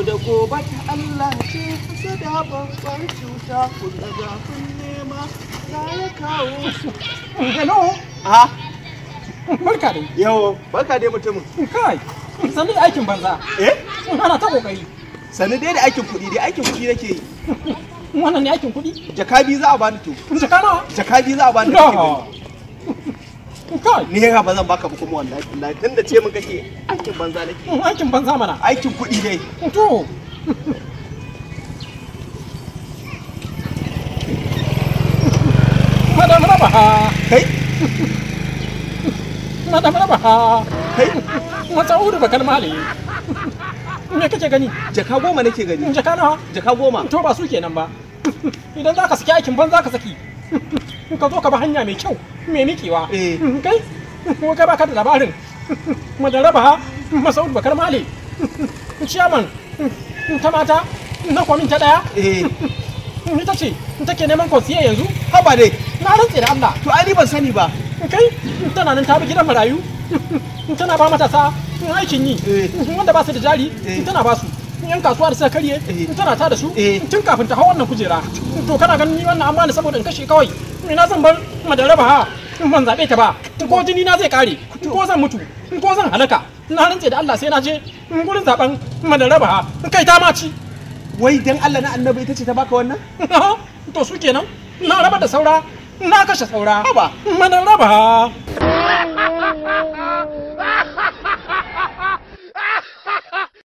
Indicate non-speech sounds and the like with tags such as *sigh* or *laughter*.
Yau da gobe ta Allah ce da babbar cuta kun da kun nema za ya kawo su. Hello? A? Barka dai. Yawo, barka dai mutumin. Kai, sani da aikin banza. Eh? Ana ta kokari. Sani dai da aikin kuɗi, dai aikin kuɗi nake yi. Wannan ne aikin kuɗi? Jaka biyu za a bani to. Jaka nawa? Jaka za a bani to. Ni ya ba zan baka ba kuma wallahi wallahi tun da ce mun kake aikin banza nake. Mm, aikin banza mana. Aikin kuɗi dai. To. *laughs* Madam Raba. Kai. Madam Raba. Kai. Matsawuru ba Ne Me kake gani? Jaka goma nake gani. Jaka nawa? Jaka goma. To ba su kenan ba. Idan za ka saki aikin banza ka saki. ka zo ka ba hanya mai kyau mai mikewa eh. hmm, kai kuma kai baka da labarin madaraba hmm, hmm, masaud bakar male ciyaman ta mata na kwamin ta daya eh. ita ce take neman kosiya yanzu haba dai na rantse da Allah to ai ban sani ba kai tana nan ta bi gidan marayu tana ba matasa aikin yi eh. wanda ba su da jari tana ba su yan kasuwa da suka karye eh. in tana ta da su eh. tun kafin ta hau wannan kujera to kana ganin ni wannan an bani saboda in kashe kawai na zan bar madaraba ha in ban zabe ta ba ko jini na zai kare ko zan mutu ko zan halaka na rantse da Allah sai na je gurin zaben madaraba ha kai ta ma wai dan Allah na annabi ita ce ta baka wannan *laughs* to su kenan na raba da saura na kashe saura ba madaraba ha *laughs*